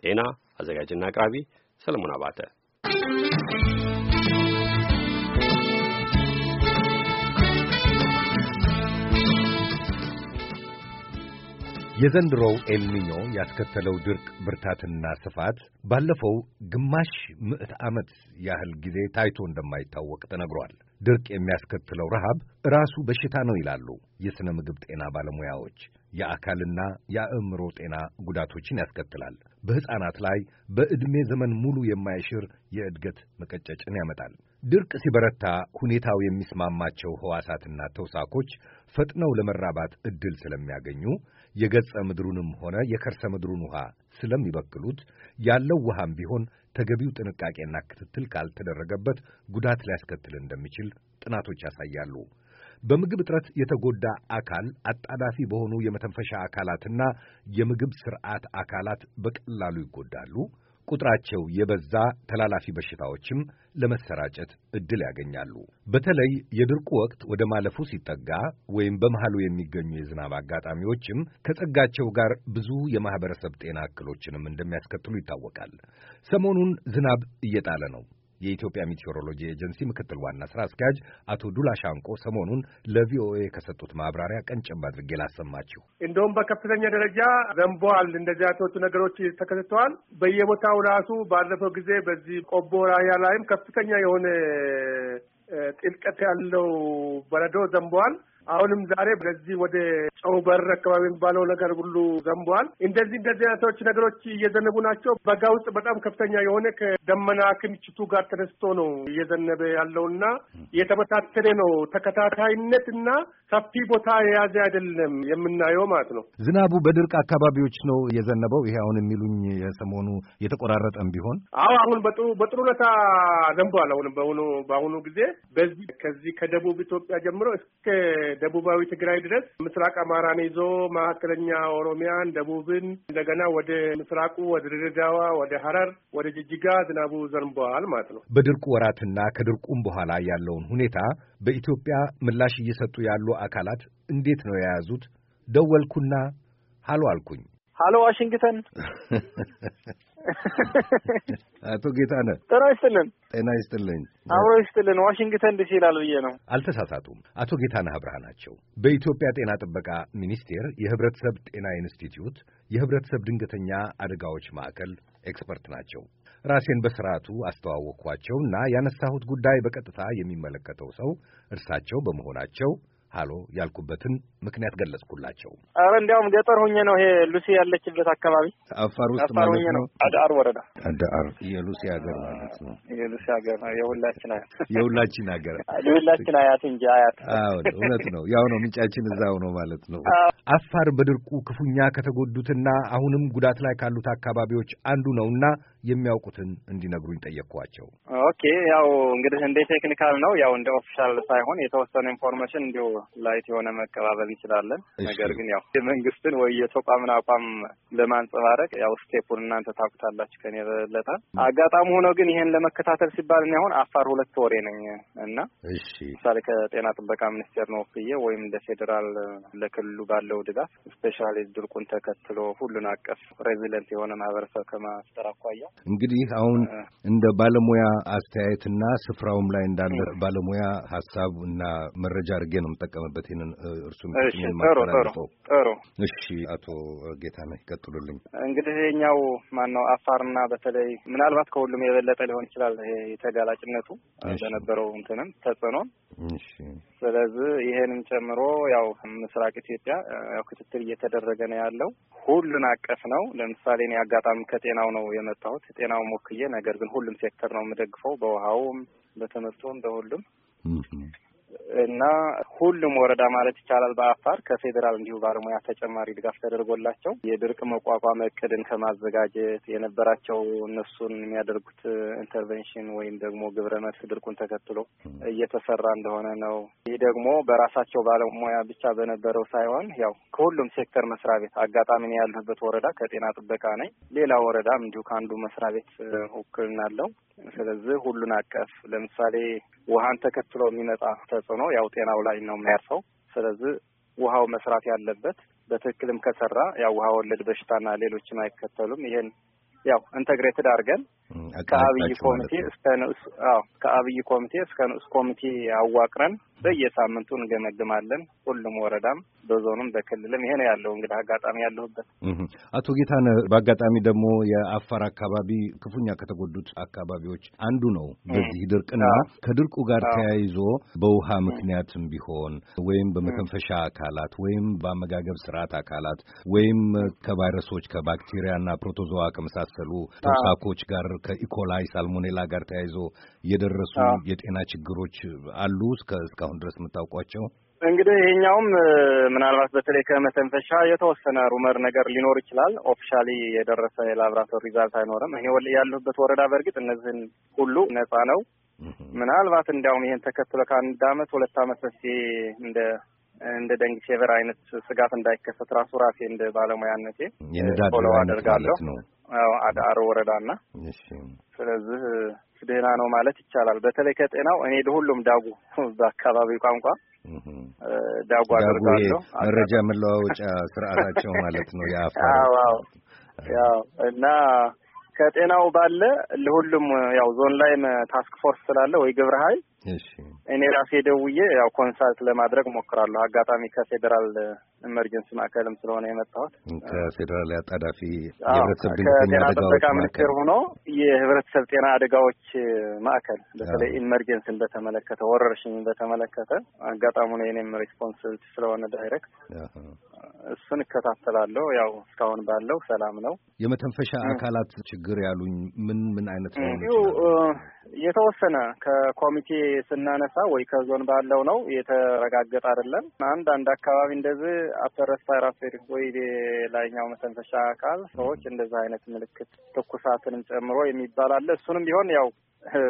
ጤና አዘጋጅና አቅራቢ ሰለሞን አባተ። የዘንድሮው ኤልኒኞ ያስከተለው ድርቅ ብርታትና ስፋት ባለፈው ግማሽ ምዕት ዓመት ያህል ጊዜ ታይቶ እንደማይታወቅ ተነግሯል። ድርቅ የሚያስከትለው ረሃብ ራሱ በሽታ ነው ይላሉ የሥነ ምግብ ጤና ባለሙያዎች። የአካልና የአእምሮ ጤና ጉዳቶችን ያስከትላል። በሕፃናት ላይ በዕድሜ ዘመን ሙሉ የማይሽር የእድገት መቀጨጭን ያመጣል። ድርቅ ሲበረታ ሁኔታው የሚስማማቸው ሕዋሳትና ተውሳኮች ፈጥነው ለመራባት ዕድል ስለሚያገኙ የገጸ ምድሩንም ሆነ የከርሰ ምድሩን ውሃ ስለሚበክሉት ያለው ውሃም ቢሆን ተገቢው ጥንቃቄና ክትትል ካልተደረገበት ጉዳት ሊያስከትል እንደሚችል ጥናቶች ያሳያሉ። በምግብ እጥረት የተጎዳ አካል አጣዳፊ በሆኑ የመተንፈሻ አካላትና የምግብ ስርዓት አካላት በቀላሉ ይጎዳሉ። ቁጥራቸው የበዛ ተላላፊ በሽታዎችም ለመሰራጨት ዕድል ያገኛሉ። በተለይ የድርቁ ወቅት ወደ ማለፉ ሲጠጋ ወይም በመሃሉ የሚገኙ የዝናብ አጋጣሚዎችም ከጸጋቸው ጋር ብዙ የማኅበረሰብ ጤና እክሎችንም እንደሚያስከትሉ ይታወቃል። ሰሞኑን ዝናብ እየጣለ ነው። የኢትዮጵያ ሜቴዎሮሎጂ ኤጀንሲ ምክትል ዋና ስራ አስኪያጅ አቶ ዱላ ሻንቆ ሰሞኑን ለቪኦኤ ከሰጡት ማብራሪያ ቀንጨብ አድርጌ ላሰማችሁ። እንደውም በከፍተኛ ደረጃ ዘንቧል። እንደዚህ አይነቶቹ ነገሮች ተከስተዋል። በየቦታው ራሱ ባለፈው ጊዜ በዚህ ቆቦ ራያ ላይም ከፍተኛ የሆነ ጥልቀት ያለው በረዶ ዘንቧል። አሁንም ዛሬ በዚህ ወደ ጨው በር አካባቢ የሚባለው ነገር ሁሉ ዘንቧል። እንደዚህ እንደዚህ አይነቶች ነገሮች እየዘነቡ ናቸው። በጋ ውስጥ በጣም ከፍተኛ የሆነ ከደመና ክምችቱ ጋር ተነስቶ ነው እየዘነበ ያለውና የተበታተነ ነው። ተከታታይነት እና ሰፊ ቦታ የያዘ አይደለም የምናየው ማለት ነው። ዝናቡ በድርቅ አካባቢዎች ነው እየዘነበው። ይሄ አሁን የሚሉኝ የሰሞኑ የተቆራረጠም ቢሆን አዎ፣ አሁን በጥሩ ሁኔታ ዘንቧል። አሁን በአሁኑ በአሁኑ ጊዜ በዚህ ከዚህ ከደቡብ ኢትዮጵያ ጀምሮ እስከ ደቡባዊ ትግራይ ድረስ ምስራቅ አማራን ይዞ መካከለኛ ኦሮሚያን፣ ደቡብን እንደገና ወደ ምስራቁ ወደ ድሬዳዋ፣ ወደ ሀረር ወደ ጅጅጋ ዝናቡ ዘንቧል ማለት ነው። በድርቁ ወራትና ከድርቁም በኋላ ያለውን ሁኔታ በኢትዮጵያ ምላሽ እየሰጡ ያሉ አካላት እንዴት ነው የያዙት? ደወልኩና ሀሎ አልኩኝ። ሀሎ ዋሽንግተን አቶ ጌታነህ ጥሩ ይስጥልን። ጤና ይስጥልን፣ አብሮ ይስጥልን። ዋሽንግተን ዲሲ ይላል ብዬ ነው። አልተሳሳቱም። አቶ ጌታነህ አብርሃ ናቸው። በኢትዮጵያ ጤና ጥበቃ ሚኒስቴር የህብረተሰብ ጤና ኢንስቲትዩት የህብረተሰብ ድንገተኛ አደጋዎች ማዕከል ኤክስፐርት ናቸው። ራሴን በስርዓቱ አስተዋወቅኳቸውና ያነሳሁት ጉዳይ በቀጥታ የሚመለከተው ሰው እርሳቸው በመሆናቸው ሀሎ ያልኩበትን ምክንያት ገለጽኩላቸው። አረ እንዲያውም ገጠር ሆኜ ነው ይሄ ሉሲ ያለችበት አካባቢ አፋር ውስጥ ማለት ነው። አዳአር ወረዳ አዳአር የሉሲ ሀገር ማለት ነው። የሉሲ ሀገር ነው። የሁላችን አያት የሁላችን ሀገር የሁላችን አያት እንጂ አያት። አዎ እውነት ነው። ያው ነው ምንጫችን እዛው ነው ማለት ነው። አፋር በድርቁ ክፉኛ ከተጎዱትና አሁንም ጉዳት ላይ ካሉት አካባቢዎች አንዱ ነውና የሚያውቁትን እንዲነግሩኝ ጠየቅኳቸው። ኦኬ ያው እንግዲህ እንደ ቴክኒካል ነው ያው እንደ ኦፊሻል ሳይሆን የተወሰነ ኢንፎርሜሽን እንዲሁ ላይት የሆነ መቀባበል እንችላለን። ነገር ግን ያው የመንግስትን ወይ የተቋምን አቋም ለማንጸባረቅ ያው ስቴፑን እናንተ ታውቁታላችሁ ከኔ በለጠ። አጋጣሚ ሆኖ ግን ይሄን ለመከታተል ሲባል እኔ አሁን አፋር ሁለት ወሬ ነኝ እና ምሳሌ ከጤና ጥበቃ ሚኒስቴር ነው ወክዬ ወይም እንደ ፌዴራል ለክልሉ ባለው ድጋፍ ስፔሻሊ ድርቁን ተከትሎ ሁሉን አቀፍ ሬዚለንት የሆነ ማህበረሰብ ከማስጠር አኳያ እንግዲህ አሁን እንደ ባለሙያ አስተያየትና ስፍራውም ላይ እንዳለ ባለሙያ ሀሳብ እና መረጃ አድርጌ ነው የምንጠቀምበት ይህንን እርሱም ማጠራጠው። እሺ አቶ ጌታ ጌታነህ ይቀጥሉልኝ። እንግዲህ የኛው ማነው አፋርና በተለይ ምናልባት ከሁሉም የበለጠ ሊሆን ይችላል ይሄ የተጋላጭነቱ በነበረው እንትንም ተጽዕኖ። ስለዚህ ይሄንም ጨምሮ ያው ምስራቅ ኢትዮጵያ ያው ክትትል እየተደረገ ነው ያለው። ሁሉን አቀፍ ነው። ለምሳሌ እኔ አጋጣሚ ከጤናው ነው የመጣሁት። ጤናው ሞክዬ ነገር ግን ሁሉም ሴክተር ነው የምደግፈው በውሃውም፣ በትምህርቱም፣ በሁሉም እና ሁሉም ወረዳ ማለት ይቻላል በአፋር ከፌዴራል እንዲሁ ባለሙያ ተጨማሪ ድጋፍ ተደርጎላቸው የድርቅ መቋቋም እቅድን ከማዘጋጀት የነበራቸው እነሱን የሚያደርጉት ኢንተርቬንሽን ወይም ደግሞ ግብረ መልስ ድርቁን ተከትሎ እየተሰራ እንደሆነ ነው። ይህ ደግሞ በራሳቸው ባለሙያ ብቻ በነበረው ሳይሆን ያው ከሁሉም ሴክተር መስሪያ ቤት አጋጣሚ ነው ያለሁበት ወረዳ ከጤና ጥበቃ ነኝ። ሌላ ወረዳም እንዲሁ ከአንዱ መስሪያ ቤት ውክልና አለው። ስለዚህ ሁሉን አቀፍ ለምሳሌ ውሃን ተከትሎ የሚመጣ ተጽዕኖ ያው ጤናው ላይ ነው የሚያርሰው። ስለዚህ ውሃው መስራት ያለበት በትክክልም ከሰራ ያው ውሃ ወለድ በሽታና ሌሎችም አይከተሉም። ይሄን ያው ኢንተግሬትድ አድርገን ከአብይ ኮሚቴ እስከ ንዑስ አዎ ከአብይ ኮሚቴ እስከ ንዑስ ኮሚቴ አዋቅረን በየሳምንቱ እንገመግማለን። ሁሉም ወረዳም በዞንም በክልልም ይሄ ነው ያለው። እንግዲህ አጋጣሚ ያለሁበት አቶ ጌታነ በአጋጣሚ ደግሞ የአፋር አካባቢ ክፉኛ ከተጎዱት አካባቢዎች አንዱ ነው በዚህ ድርቅና ከድርቁ ጋር ተያይዞ በውሃ ምክንያትም ቢሆን ወይም በመተንፈሻ አካላት ወይም በአመጋገብ ስርዓት አካላት ወይም ከቫይረሶች ከባክቴሪያና ፕሮቶዞዋ ከመሳሰሉ ተውሳኮች ጋር ከኢኮላይ ሳልሞኔላ ጋር ተያይዞ የደረሱ የጤና ችግሮች አሉ እስካሁን ድረስ የምታውቋቸው? እንግዲህ ይሄኛውም ምናልባት በተለይ ከመተንፈሻ የተወሰነ ሩመር ነገር ሊኖር ይችላል። ኦፊሻሊ የደረሰ የላብራቶሪ ሪዛልት አይኖርም። እኔ ያለሁበት ወረዳ በእርግጥ እነዚህን ሁሉ ነጻ ነው። ምናልባት እንዲያውም ይሄን ተከትሎ ከአንድ አመት ሁለት አመት በፊት እንደ እንደ ደንግ ፌቨር አይነት ስጋት እንዳይከሰት ራሱ ራሴ እንደ ባለሙያነቴ ፎሎ አደርጋለሁ። አዳሮ ወረዳና ስለዚህ ደህና ነው ማለት ይቻላል። በተለይ ከጤናው እኔ ለሁሉም ዳጉ በአካባቢው ቋንቋ ዳጉ አደርጋለሁ። መረጃ መለዋወጫ ስርዓታቸው ማለት ነው። ያው ያው እና ከጤናው ባለ ለሁሉም ያው ዞን ላይም ታስክ ፎርስ ስላለ ወይ ግብረ ኃይል እኔ ራሴ ደውዬ ያው ኮንሳልት ለማድረግ ሞክራለሁ። አጋጣሚ ከፌዴራል ኢመርጀንሲ ማዕከልም ስለሆነ የመጣሁት ከፌዴራል አጣዳፊ ከጤና ጥበቃ ሚኒስቴር ሆኖ የህብረተሰብ ጤና አደጋዎች ማዕከል በተለይ ኢመርጀንሲን በተመለከተ ወረርሽኝን በተመለከተ አጋጣሙ ነው የኔም ሬስፖንስብሊቲ ስለሆነ ዳይሬክት እሱን እከታተላለሁ። ያው እስካሁን ባለው ሰላም ነው። የመተንፈሻ አካላት ችግር ያሉኝ ምን ምን አይነት ነው? የተወሰነ ከኮሚቴ ስናነሳ ወይ ከዞን ባለው ነው የተረጋገጠ አይደለም። አንድ አንድ አካባቢ እንደዚህ አፐር ሬስፓይራቶሪ ወይ ላይኛው መተንፈሻ አካል ሰዎች እንደዚህ አይነት ምልክት ትኩሳትንም ጨምሮ የሚባል አለ። እሱንም ቢሆን ያው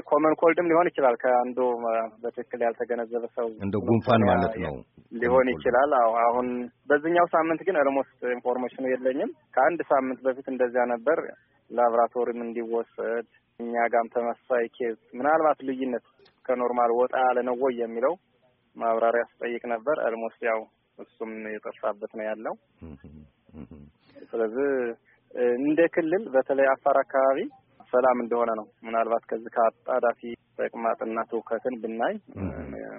ኮመን ኮልድም ሊሆን ይችላል። ከአንዱ በትክክል ያልተገነዘበ ሰው እንደ ጉንፋን ማለት ነው ሊሆን ይችላል። አሁን በዚህኛው ሳምንት ግን ኦልሞስት ኢንፎርሜሽኑ የለኝም። ከአንድ ሳምንት በፊት እንደዚያ ነበር። ላብራቶሪም እንዲወሰድ እኛ ጋም ተመሳሳይ ኬዝ ምናልባት ልዩነት ከኖርማል ወጣ ያለ ነው ወይ የሚለው ማብራሪያ ስጠይቅ ነበር። አልሞስት ያው እሱም የጠፋበት ነው ያለው። ስለዚህ እንደ ክልል በተለይ አፋር አካባቢ ሰላም እንደሆነ ነው። ምናልባት ከዚህ ከአጣዳፊ ተቅማጥና ትውከትን ብናይ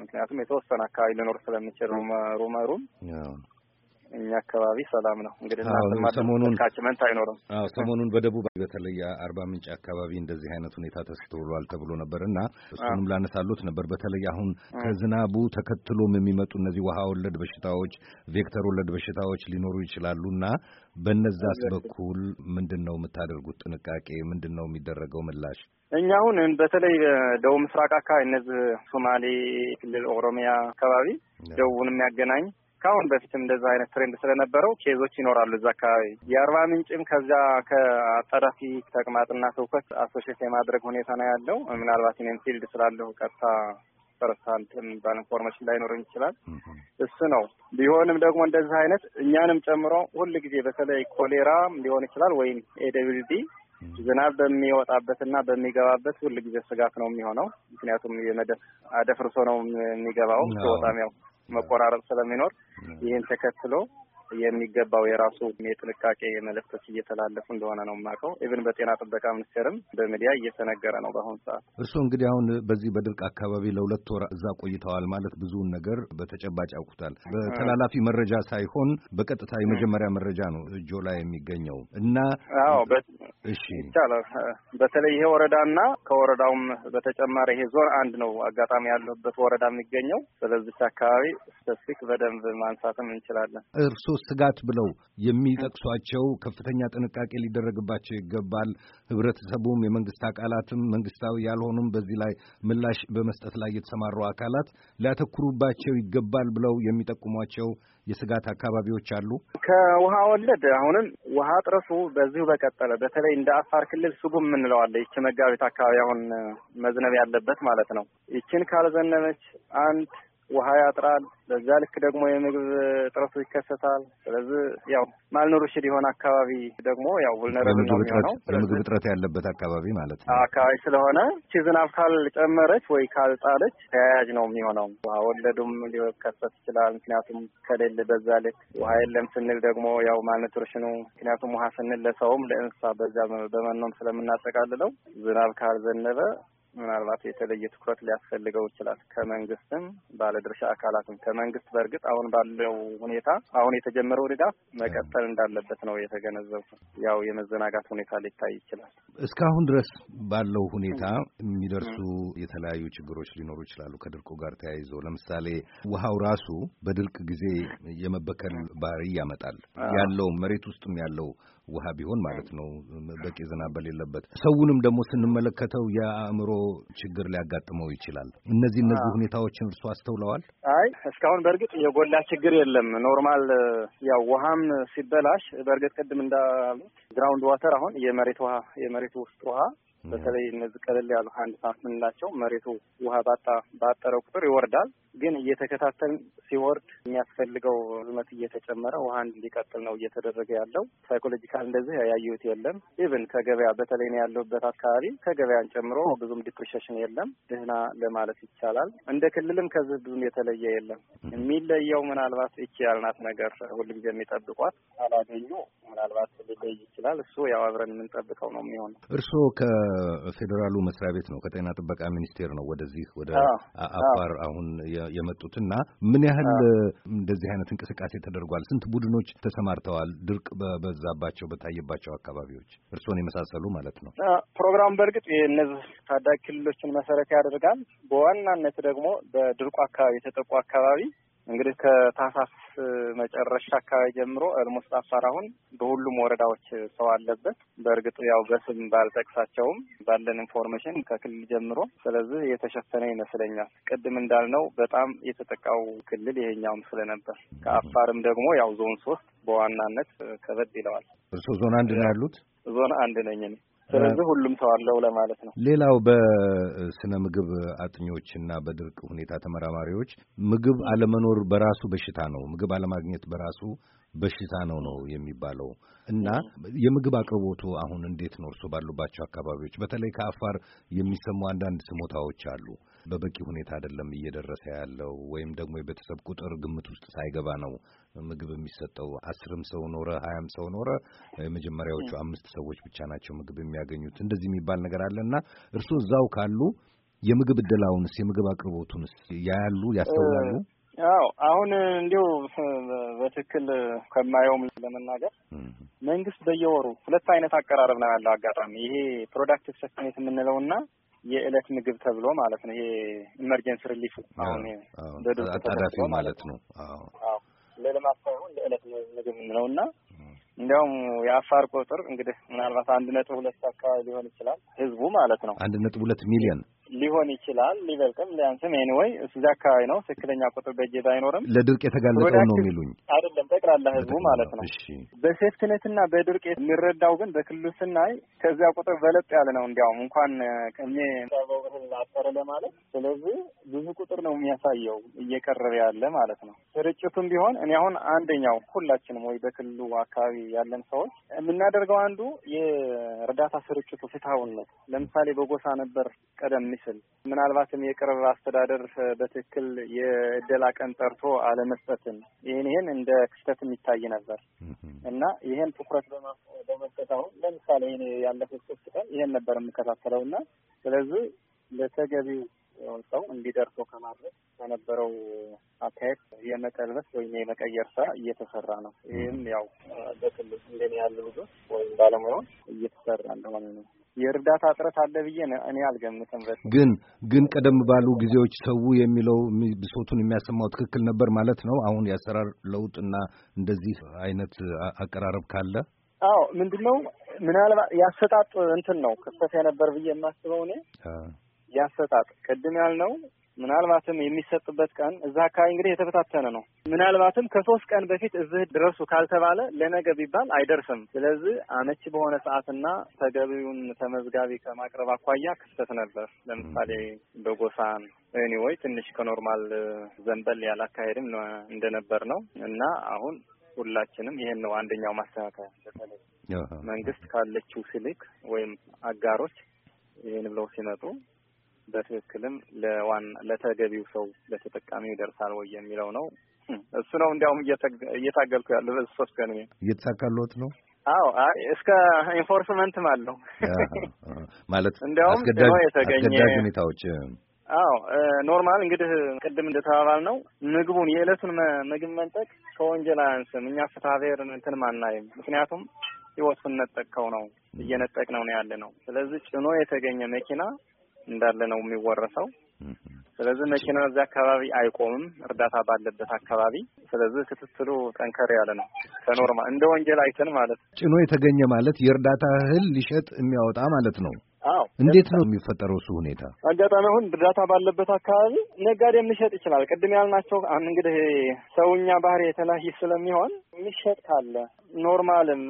ምክንያቱም የተወሰነ አካባቢ ሊኖር ስለሚችል ሩመሩም እኛ አካባቢ ሰላም ነው። እንግዲህ ሰሞኑን ካችመንት አይኖርም። አዎ ሰሞኑን በደቡብ በተለይ አርባ ምንጭ አካባቢ እንደዚህ አይነት ሁኔታ ተስተውሏል ተብሎ ነበር እና እሱንም ላነሳሉት ነበር። በተለይ አሁን ከዝናቡ ተከትሎም የሚመጡ እነዚህ ውሃ ወለድ በሽታዎች፣ ቬክተር ወለድ በሽታዎች ሊኖሩ ይችላሉ እና በነዛስ በኩል ምንድን ነው የምታደርጉት ጥንቃቄ? ምንድን ነው የሚደረገው ምላሽ? እኛ አሁን በተለይ ደቡብ ምስራቅ አካባቢ እነዚህ ሶማሌ ክልል፣ ኦሮሚያ አካባቢ ደቡቡን የሚያገናኝ ከአሁን በፊትም እንደዛ አይነት ትሬንድ ስለነበረው ኬዞች ይኖራሉ እዛ አካባቢ። የአርባ ምንጭም ከዚያ ከአጣዳፊ ተቅማጥና ትውከት አሶሽት የማድረግ ሁኔታ ነው ያለው። ምናልባት ኔም ፊልድ ስላለሁ ቀጥታ ፈረስታል የሚባል ኢንፎርሜሽን ላይኖረን ይችላል። እሱ ነው ቢሆንም ደግሞ እንደዚህ አይነት እኛንም ጨምሮ ሁል ጊዜ በተለይ ኮሌራ ሊሆን ይችላል ወይም ኤደብልዲ ዝናብ በሚወጣበትና በሚገባበት ሁል ጊዜ ስጋት ነው የሚሆነው። ምክንያቱም የመደፍ አደፍርሶ ነው የሚገባው። በጣም ያው መቆራረጥ ስለሚኖር ይህን ተከትሎ የሚገባው የራሱ የጥንቃቄ መልእክቶች እየተላለፉ እንደሆነ ነው የማውቀው። ኢቭን በጤና ጥበቃ ሚኒስቴርም በሚዲያ እየተነገረ ነው በአሁኑ ሰዓት። እርስዎ እንግዲህ አሁን በዚህ በድርቅ አካባቢ ለሁለት ወር እዛ ቆይተዋል ማለት ብዙውን ነገር በተጨባጭ ያውቁታል። በተላላፊ መረጃ ሳይሆን በቀጥታ የመጀመሪያ መረጃ ነው እጆ ላይ የሚገኘው እና አዎ እሺ ይቻላል። በተለይ ይሄ ወረዳና ከወረዳውም በተጨማሪ ይሄ ዞን አንድ ነው አጋጣሚ ያለበት ወረዳ የሚገኘው ስለዚች አካባቢ ስፔሲፊክ በደንብ ማንሳትም እንችላለን። እርስዎ ስጋት ብለው የሚጠቅሷቸው ከፍተኛ ጥንቃቄ ሊደረግባቸው ይገባል። ህብረተሰቡም፣ የመንግስት አካላትም፣ መንግስታዊ ያልሆኑም በዚህ ላይ ምላሽ በመስጠት ላይ የተሰማሩ አካላት ሊያተኩሩባቸው ይገባል ብለው የሚጠቁሟቸው የስጋት አካባቢዎች አሉ። ከውሃ ወለድ አሁንም ውሃ ጥረቱ በዚሁ በቀጠለ በተለይ እንደ አፋር ክልል ሱጉም የምንለዋለ ይቺ መጋቢት አካባቢ አሁን መዝነብ ያለበት ማለት ነው። ይችን ካልዘነበች አንድ ውሃ ያጥራል። በዛ ልክ ደግሞ የምግብ እጥረቱ ይከሰታል። ስለዚህ ያው ማልኑር ሽድ የሆነ አካባቢ ደግሞ ያው ቡልነረብ ነው የሚሆነው። የምግብ እጥረት ያለበት አካባቢ ማለት ነው አካባቢ ስለሆነ ቺ ዝናብ ካልጨመረች ወይ ካልጣለች ተያያዥ ነው የሚሆነው። ውሃ ወለዱም ሊከሰት ይችላል። ምክንያቱም ከሌለ በዛ ልክ ውሃ የለም ስንል ደግሞ ያው ማልኑትሪሽኑ ምክንያቱም ውሃ ስንል ለሰውም ለእንስሳ በዛ በመኖም ስለምናጠቃልለው ዝናብ ካልዘነበ ምናልባት የተለየ ትኩረት ሊያስፈልገው ይችላል። ከመንግስትም ባለድርሻ አካላትም ከመንግስት በእርግጥ አሁን ባለው ሁኔታ አሁን የተጀመረው ድጋፍ መቀጠል እንዳለበት ነው የተገነዘቡ። ያው የመዘናጋት ሁኔታ ሊታይ ይችላል። እስካሁን ድረስ ባለው ሁኔታ የሚደርሱ የተለያዩ ችግሮች ሊኖሩ ይችላሉ ከድርቁ ጋር ተያይዞ ለምሳሌ ውሃው ራሱ በድርቅ ጊዜ የመበከል ባህሪ ያመጣል። ያለው መሬት ውስጥም ያለው ውሃ ቢሆን ማለት ነው። በቂ ዝናብ በሌለበት ሰውንም ደግሞ ስንመለከተው የአእምሮ ችግር ሊያጋጥመው ይችላል። እነዚህ እነዚህ ሁኔታዎችን እርሱ አስተውለዋል? አይ እስካሁን በእርግጥ የጎላ ችግር የለም። ኖርማል ያው ውሃም ሲበላሽ በእርግጥ ቅድም እንዳሉት ግራውንድ ዋተር አሁን የመሬት ውሃ የመሬት ውስጥ ውሃ በተለይ እነዚህ ቀለል ያሉ ሀንድ ፓምፕ የምንላቸው መሬቱ ውሃ ባጣ ባጠረው ቁጥር ይወርዳል። ግን እየተከታተል ሲወርድ የሚያስፈልገው ህመት እየተጨመረ ውሃ እንዲቀጥል ነው እየተደረገ ያለው። ሳይኮሎጂካል እንደዚህ ያየሁት የለም። ኢቭን ከገበያ በተለይ ነው ያለሁበት አካባቢ ከገበያን ጨምሮ ብዙም ዲፕሬሽን የለም። ድህና ለማለት ይቻላል። እንደ ክልልም ከዚህ ብዙም የተለየ የለም። የሚለየው ምናልባት እቺ ያልናት ነገር ሁልጊዜ የሚጠብቋት አላገኙ ምናልባት ሊለይ ይችላል። እሱ ያው አብረን የምንጠብቀው ነው የሚሆነው። እርስዎ ከፌዴራሉ መስሪያ ቤት ነው ከጤና ጥበቃ ሚኒስቴር ነው ወደዚህ ወደ አፋር አሁን የመጡትና ምን ያህል እንደዚህ አይነት እንቅስቃሴ ተደርጓል? ስንት ቡድኖች ተሰማርተዋል? ድርቅ በበዛባቸው በታየባቸው አካባቢዎች እርስዎን የመሳሰሉ ማለት ነው። ፕሮግራሙ በእርግጥ የእነዚህ ታዳጊ ክልሎችን መሰረት ያደርጋል። በዋናነት ደግሞ በድርቁ አካባቢ የተጠቁ አካባቢ እንግዲህ ከታህሳስ መጨረሻ አካባቢ ጀምሮ ኦልሞስት አፋር አሁን በሁሉም ወረዳዎች ሰው አለበት። በእርግጥ ያው በስም ባልጠቅሳቸውም ባለን ኢንፎርሜሽን ከክልል ጀምሮ ስለዚህ የተሸፈነ ይመስለኛል። ቅድም እንዳልነው በጣም የተጠቃው ክልል ይሄኛውም ስለነበር ከአፋርም ደግሞ ያው ዞን ሶስት በዋናነት ከበድ ይለዋል። እርሶ ዞን አንድ ነው ያሉት? ዞን አንድ ነኝ እኔ። ስለዚህ ሁሉም ሰው አለው ለማለት ነው። ሌላው በስነ ምግብ አጥኚዎችና በድርቅ ሁኔታ ተመራማሪዎች ምግብ አለመኖር በራሱ በሽታ ነው፣ ምግብ አለማግኘት በራሱ በሽታ ነው ነው የሚባለው እና የምግብ አቅርቦቱ አሁን እንዴት ነው እርሶ ባሉባቸው አካባቢዎች? በተለይ ከአፋር የሚሰሙ አንዳንድ ስሞታዎች አሉ። በበቂ ሁኔታ አይደለም እየደረሰ ያለው ወይም ደግሞ የቤተሰብ ቁጥር ግምት ውስጥ ሳይገባ ነው ምግብ የሚሰጠው። አስርም ሰው ኖረ ሀያም ሰው ኖረ የመጀመሪያዎቹ አምስት ሰዎች ብቻ ናቸው ምግብ የሚያገኙት። እንደዚህ የሚባል ነገር አለና እርስዎ እዛው ካሉ የምግብ እደላውንስ የምግብ አቅርቦቱንስ ያያሉ፣ ያስተውላሉ? አዎ አሁን እንዲሁ በትክክል ከማየውም ለመናገር መንግስት በየወሩ ሁለት አይነት አቀራረብ ነው ያለው። አጋጣሚ ይሄ ፕሮዳክቲቭ ሰስተኔት የምንለው እና የእለት ምግብ ተብሎ ማለት ነው። ይሄ ኢመርጀንሲ ሪሊፍ አሁን በድርቅ ማለት ነው። አዎ ለልማት ሳይሆን ለእለት ምግብ ነው እና እንዲያውም የአፋር ቁጥር እንግዲህ ምናልባት አንድ ነጥብ ሁለት አካባቢ ሊሆን ይችላል ህዝቡ ማለት ነው። አንድ ነጥብ ሁለት ሚሊዮን ሊሆን ይችላል ሊበልቅም ሊያንስም። ኤኒወይ እዚያ አካባቢ ነው ትክክለኛ ቁጥር በእጄ ባይኖርም ለድርቅ የተጋለጠው ነው የሚሉኝ አይደለም ጠቅላላ ህዝቡ ማለት ነው። በሴፍትኔትና በድርቅ የሚረዳው ግን በክልሉ ስናይ ከዚያ ቁጥር በለጥ ያለ ነው። እንዲያውም እንኳን ከኔ እህል አጠረ ለማለት። ስለዚህ ብዙ ቁጥር ነው የሚያሳየው እየቀረበ ያለ ማለት ነው። ስርጭቱም ቢሆን እኔ አሁን አንደኛው ሁላችንም ወይ በክልሉ አካባቢ ያለን ሰዎች የምናደርገው አንዱ የእርዳታ ስርጭቱ ፍትሐዊነት፣ ለምሳሌ በጎሳ ነበር ቀደም ሲል ምናልባትም የቅርብ አስተዳደር በትክክል የእደላ ቀን ጠርቶ አለመስጠትን ይህን ይህን እንደ ክስተት የሚታይ ነበር እና ይህን ትኩረት በመስጠት አሁን ለምሳሌ ያለፉት ሶስት ቀን ይህን ነበር የምከታተለው እና ስለዚህ ለተገቢው ሰው እንዲደርሰው ከማድረግ ከነበረው አካሄድ የመቀልበስ ወይም የመቀየር ስራ እየተሰራ ነው። ይህም ያው በክልል እንደኔ ያሉ ልጆች ወይም ባለሙያዎች እየተሰራ እንደሆነ ነው። የእርዳታ እጥረት አለ ብዬ እኔ አልገምትም። ግን ግን ቀደም ባሉ ጊዜዎች ሰው የሚለው ብሶቱን የሚያሰማው ትክክል ነበር ማለት ነው። አሁን የአሰራር ለውጥ እና እንደዚህ አይነት አቀራረብ ካለ አዎ ምንድን ነው ምናልባት ያሰጣጥ እንትን ነው ክፍተት የነበር ብዬ የማስበው እኔ ያሰጣጥ ቅድም ያልነው ምናልባትም የሚሰጥበት ቀን እዛ አካባቢ እንግዲህ የተበታተነ ነው። ምናልባትም ከሶስት ቀን በፊት እዚህ ድረሱ ካልተባለ ለነገ ቢባል አይደርስም። ስለዚህ አመቺ በሆነ ሰዓትና ተገቢውን ተመዝጋቢ ከማቅረብ አኳያ ክፍተት ነበር። ለምሳሌ በጎሳን ኒወይ ትንሽ ከኖርማል ዘንበል ያለ አካሄድም እንደነበር ነው እና አሁን ሁላችንም ይሄን ነው አንደኛው ማስተካከያ በተለይ መንግስት ካለችው ሲልክ ወይም አጋሮች ይህን ብለው ሲመጡ በትክክልም ለዋን ለተገቢው ሰው ለተጠቃሚው ይደርሳል ወይ የሚለው ነው። እሱ ነው እንዲያውም እየታገልኩ ያለ በሶስት ሶስት ቀን እየተሳካልዎት ነው? አዎ እስከ ኢንፎርስመንትም አለው ማለት እንዲያውም ነው የተገኘ ሁኔታዎች አዎ ኖርማል እንግዲህ ቅድም እንደተባባል ነው ምግቡን የዕለቱን ምግብ መንጠቅ ከወንጀል አያንስም። እኛ ፍትሐ ብሔር እንትንም አናይም። ምክንያቱም ህይወት ስንነጠቀው ነው እየነጠቅ ነው ያለ ነው። ስለዚህ ጭኖ የተገኘ መኪና እንዳለ ነው የሚወረሰው። ስለዚህ መኪና እዚህ አካባቢ አይቆምም፣ እርዳታ ባለበት አካባቢ። ስለዚህ ክትትሉ ጠንከር ያለ ነው። ከኖርማል እንደ ወንጀል አይተን ማለት ነው። ጭኖ የተገኘ ማለት የእርዳታ እህል ሊሸጥ የሚያወጣ ማለት ነው። አዎ እንዴት ነው የሚፈጠረው እሱ ሁኔታ? አጋጣሚ አሁን እርዳታ ባለበት አካባቢ ነጋዴም ሊሸጥ ይችላል። ቅድም ያልናቸው እንግዲህ ሰውኛ ባህሪ የተለያየ ስለሚሆን የሚሸጥ ካለ ኖርማልም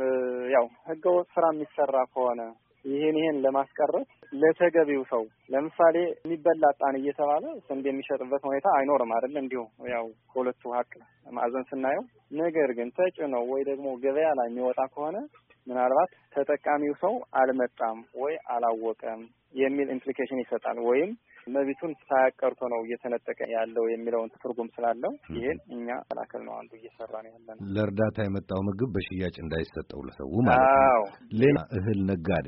ያው ህገወጥ ስራ የሚሰራ ከሆነ ይሄን ይሄን ለማስቀረት ለተገቢው ሰው ለምሳሌ የሚበላ ጣን እየተባለ ስንዴ የሚሸጥበት ሁኔታ አይኖርም አይደለ? እንዲሁ ያው ከሁለቱ ሀቅ ማዕዘን ስናየው፣ ነገር ግን ተጭኖ ወይ ደግሞ ገበያ ላይ የሚወጣ ከሆነ ምናልባት ተጠቃሚው ሰው አልመጣም ወይ አላወቀም የሚል ኢምፕሊኬሽን ይሰጣል ወይም መቤቱን ሳያቀርቶ ነው እየተነጠቀ ያለው የሚለውን ትርጉም ስላለው ይሄን እኛ መላከል ነው አንዱ እየሰራ ነው ያለ ነው። ለእርዳታ የመጣው ምግብ በሽያጭ እንዳይሰጠው ለሰው ማለት ነው። ሌላ እህል ነጋዴ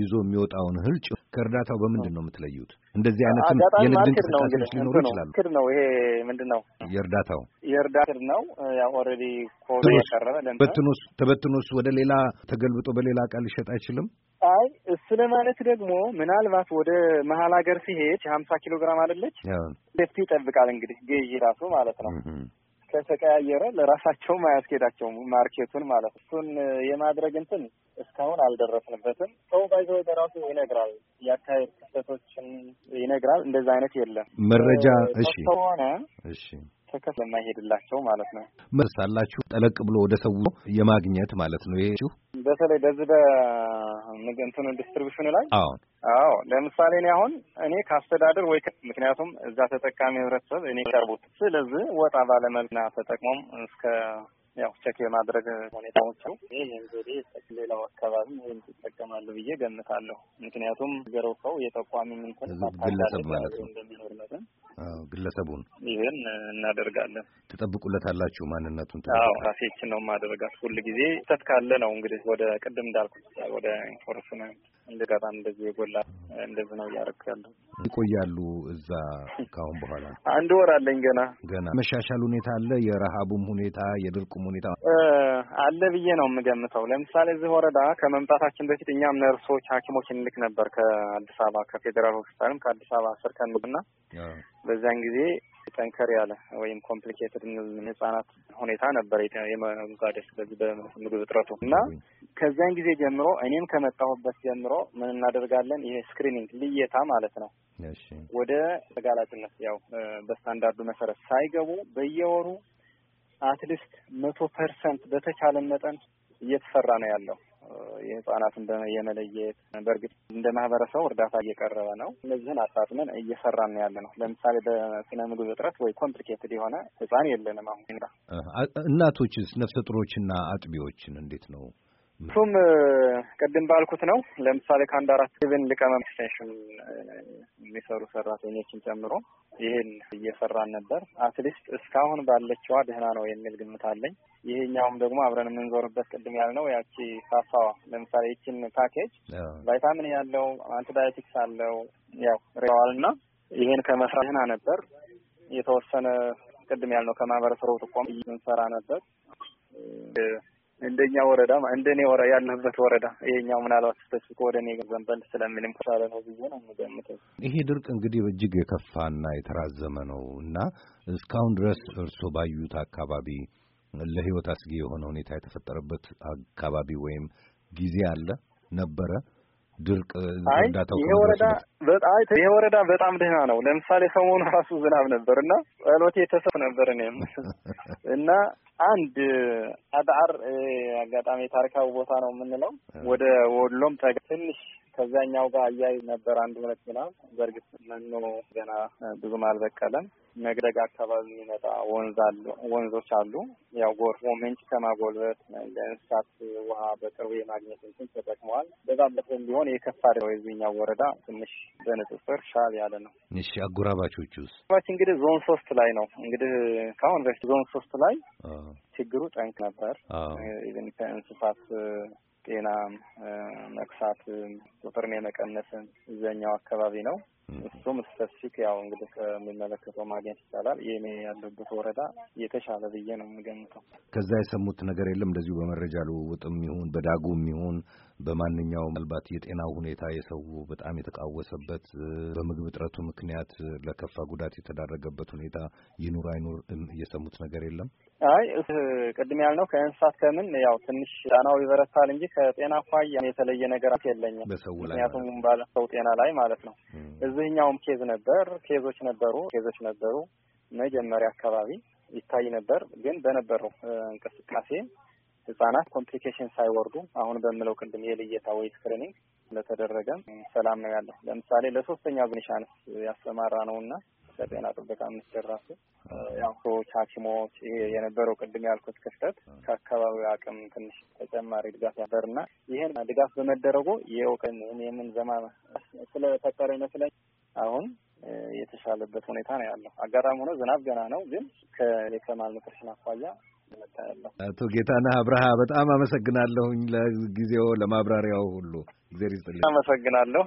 ይዞ የሚወጣውን እህል ከእርዳታው በምንድን ነው የምትለዩት? እንደዚህ አይነትም የንግድ እንቅስቃሴዎች ሊኖሩ ይችላሉ። ክድ ነው ይሄ ምንድን ነው የእርዳታው የእርዳታ ክድ ነው። ያው ኦልሬዲ ኮዶ ያቀረበ ተበትኖስ ተበትኖስ ወደ ሌላ ተገልብጦ በሌላ ቃል ሊሸጥ አይችልም። አይ እሱ ለማለት ደግሞ ምናልባት ወደ መሀል ሀገር ሲሄድ ሀምሳ ኪሎ ግራም አደለች ሴፍቲ ይጠብቃል እንግዲህ ገዢ ራሱ ማለት ነው ከተቀያየረ ለራሳቸው አያስኬዳቸውም ማርኬቱን ማለት እሱን የማድረግ እንትን እስካሁን አልደረስንበትም። ሰው ባይዞ በራሱ ይነግራል፣ የአካሄድ ክስተቶችን ይነግራል። እንደዛ አይነት የለም መረጃ እሺ ሆነ እሺ ትክክል ለማይሄድላቸው ማለት ነው። መልስ አላችሁ ጠለቅ ብሎ ወደ ሰው የማግኘት ማለት ነው። ይሄ በተለይ በዚህ በእንትኑ ዲስትሪቢሽኑ ላይ አዎ አዎ። ለምሳሌ እኔ አሁን እኔ ከአስተዳደር ወይ ምክንያቱም እዛ ተጠቃሚ ህብረተሰብ እኔ ቀርቡት ስለዚህ ወጣ ባለመልና ተጠቅሞም እስከ ያው ቸክ የማድረግ ሁኔታዎቹ ይህን ዘዴ ሌላው አካባቢ ይህን ይጠቀማሉ ብዬ ገምታለሁ። ምክንያቱም ገረው ሰው የጠቋሚ ምንትን ግለሰብ ማለት ነው እንደሚኖር መጠን ግለሰቡን ይህን እናደርጋለን። ትጠብቁለታላችሁ? ማንነቱን አዎ፣ ራሴችን ነው የማደርጋት ሁል ጊዜ ስተት ካለ ነው እንግዲህ ወደ ቅድም እንዳልኩት ወደ ኢንፎርስመንት እንደጋራ እንደዚህ የጎላ እንደዚህ ነው እያደረክ ያለው። ይቆያሉ እዛ ካሁን በኋላ አንድ ወር አለኝ ገና ገና። መሻሻል ሁኔታ አለ፣ የረሃቡም ሁኔታ የድርቁም ሁኔታ አለ ብዬ ነው የምገምተው። ለምሳሌ እዚህ ወረዳ ከመምጣታችን በፊት እኛም ነርሶች፣ ሐኪሞች እንልክ ነበር ከአዲስ አበባ ከፌዴራል ሆስፒታልም ከአዲስ አበባ ስር ከንብና በዚያን ጊዜ ጠንከር ያለ ወይም ኮምፕሊኬትድ ህጻናት ሁኔታ ነበር የመጓደስ በዚህ በምግብ እጥረቱ እና ከዛን ጊዜ ጀምሮ እኔም ከመጣሁበት ጀምሮ ምን እናደርጋለን? ይሄ ስክሪኒንግ ልየታ ማለት ነው። ወደ ተጋላጭነት ያው በስታንዳርዱ መሰረት ሳይገቡ በየወሩ አትሊስት መቶ ፐርሰንት በተቻለ መጠን እየተሰራ ነው ያለው የህጻናትን የመለየት በእርግጥ እንደ ማህበረሰቡ እርዳታ እየቀረበ ነው። እነዚህን አጣጥመን እየሰራን ነው ያለ ነው። ለምሳሌ በስነ ምግብ እጥረት ወይ ኮምፕሊኬትድ የሆነ ህጻን የለንም። አሁን እናቶችስ ነፍሰ ጡሮችና አጥቢዎችን እንዴት ነው እሱም ቅድም ባልኩት ነው። ለምሳሌ ከአንድ አራት ብን ልቀመ ኤክስቴንሽን የሚሰሩ ሰራተኞችን ጨምሮ ይህን እየሰራን ነበር። አትሊስት እስካሁን ባለችዋ ደህና ነው የሚል ግምት አለኝ። ይሄኛውም ደግሞ አብረን የምንዞርበት ቅድም ያልነው ያቺ ሳሳዋ ለምሳሌ ይችን ፓኬጅ ቫይታሚን ያለው አንቲባዮቲክስ አለው ያው ሬዋል እና ይህን ከመስራት ደህና ነበር። የተወሰነ ቅድም ያልነው ከማህበረሰቡ ጥቆም እንሰራ ነበር እንደኛ ወረዳ እንደኔ ወረ ያለበት ወረዳ ይሄኛው ምናልባት ስፔሲፊክ ወደ እኔ ዘንበል ስለሚልም ከቻለ ነው ብዬ ነው የምገምተው። ይሄ ድርቅ እንግዲህ በእጅግ የከፋና የተራዘመ ነው እና እስካሁን ድረስ እርስዎ ባዩት አካባቢ ለህይወት አስጊ የሆነ ሁኔታ የተፈጠረበት አካባቢ ወይም ጊዜ አለ ነበረ? ድርቅ እርዳታው ይሄ ወረዳ ይሄ ወረዳ በጣም ደህና ነው። ለምሳሌ ሰሞኑ ራሱ ዝናብ ነበር እና ጸሎቴ የተሰብ ነበር እኔም እና አንድ አድዓር አጋጣሚ ታሪካዊ ቦታ ነው የምንለው ወደ ወሎም ትንሽ ከዛኛው ጋር አያይ ነበር አንድ ሁለት ምናምን። በእርግጥ መኖ ገና ብዙም አልበቀለም። መግደግ አካባቢ የሚመጣ ወንዝ ወንዞች አሉ። ያው ጎርፎ ምንጭ ከማጎልበት ለእንስሳት ውሃ በቅርቡ የማግኘት እንትን ተጠቅመዋል። በዛም በተም ቢሆን የከፋ የዚህኛው ወረዳ ትንሽ በንጽጽር ሻል ያለ ነው። እሺ አጎራባቾች ውስጥ ባች እንግዲህ ዞን ሶስት ላይ ነው እንግዲህ ከአሁን በፊት ዞን ሶስት ላይ ችግሩ ጠንክ ነበር። ከእንስሳት ጤና መክሳት፣ ቁጥርን የመቀነስን እዘኛው አካባቢ ነው። እሱም ስፐሲፊክ ያው እንግዲህ ከሚመለከተው ማግኘት ይቻላል። ይህ ያለበት ወረዳ የተሻለ ብዬ ነው የምገምተው። ከዛ የሰሙት ነገር የለም እንደዚሁ በመረጃ ልውውጥም ይሁን በዳጉም ይሁን በማንኛውም ምናልባት የጤናው ሁኔታ የሰው በጣም የተቃወሰበት በምግብ እጥረቱ ምክንያት ለከፋ ጉዳት የተዳረገበት ሁኔታ ይኑር አይኑር እየሰሙት ነገር የለም። አይ ቅድም ያልነው ከእንስሳት ከምን ያው ትንሽ ጫናው ይበረታል እንጂ ከጤና አኳያ የተለየ ነገር የለኝም። በሰው ላይ ምክንያቱም ባለሰው ጤና ላይ ማለት ነው። እዚህኛውም ኬዝ ነበር፣ ኬዞች ነበሩ፣ ኬዞች ነበሩ መጀመሪያ አካባቢ ይታይ ነበር። ግን በነበረው እንቅስቃሴ ህጻናት ኮምፕሊኬሽን ሳይወርዱ አሁን በምለው ቅድም የልየታ ወይ ስክሪኒንግ ስለተደረገ ሰላም ነው ያለው። ለምሳሌ ለሶስተኛ ጉንሻንስ ያሰማራ ነው እና ለጤና ጥበቃ ሚኒስቴር ራሱ ያው ሰዎች ሐኪሞች ይሄ የነበረው ቅድም ያልኩት ክፍተት ከአካባቢው አቅም ትንሽ ተጨማሪ ድጋፍ ነበርና ይህን ድጋፍ በመደረጉ የውቅን የምን ዘማ ስለፈጠረ ይመስለኝ አሁን የተሻለበት ሁኔታ ነው ያለው። አጋጣሚ ሆኖ ዝናብ ገና ነው፣ ግን ከሌከማል ምክርሽን አኳያ አቶ ጌታነህ አብርሃ በጣም አመሰግናለሁኝ ለጊዜው፣ ለማብራሪያው ሁሉ እግዚአብሔር ይስጥልኝ። አመሰግናለሁ።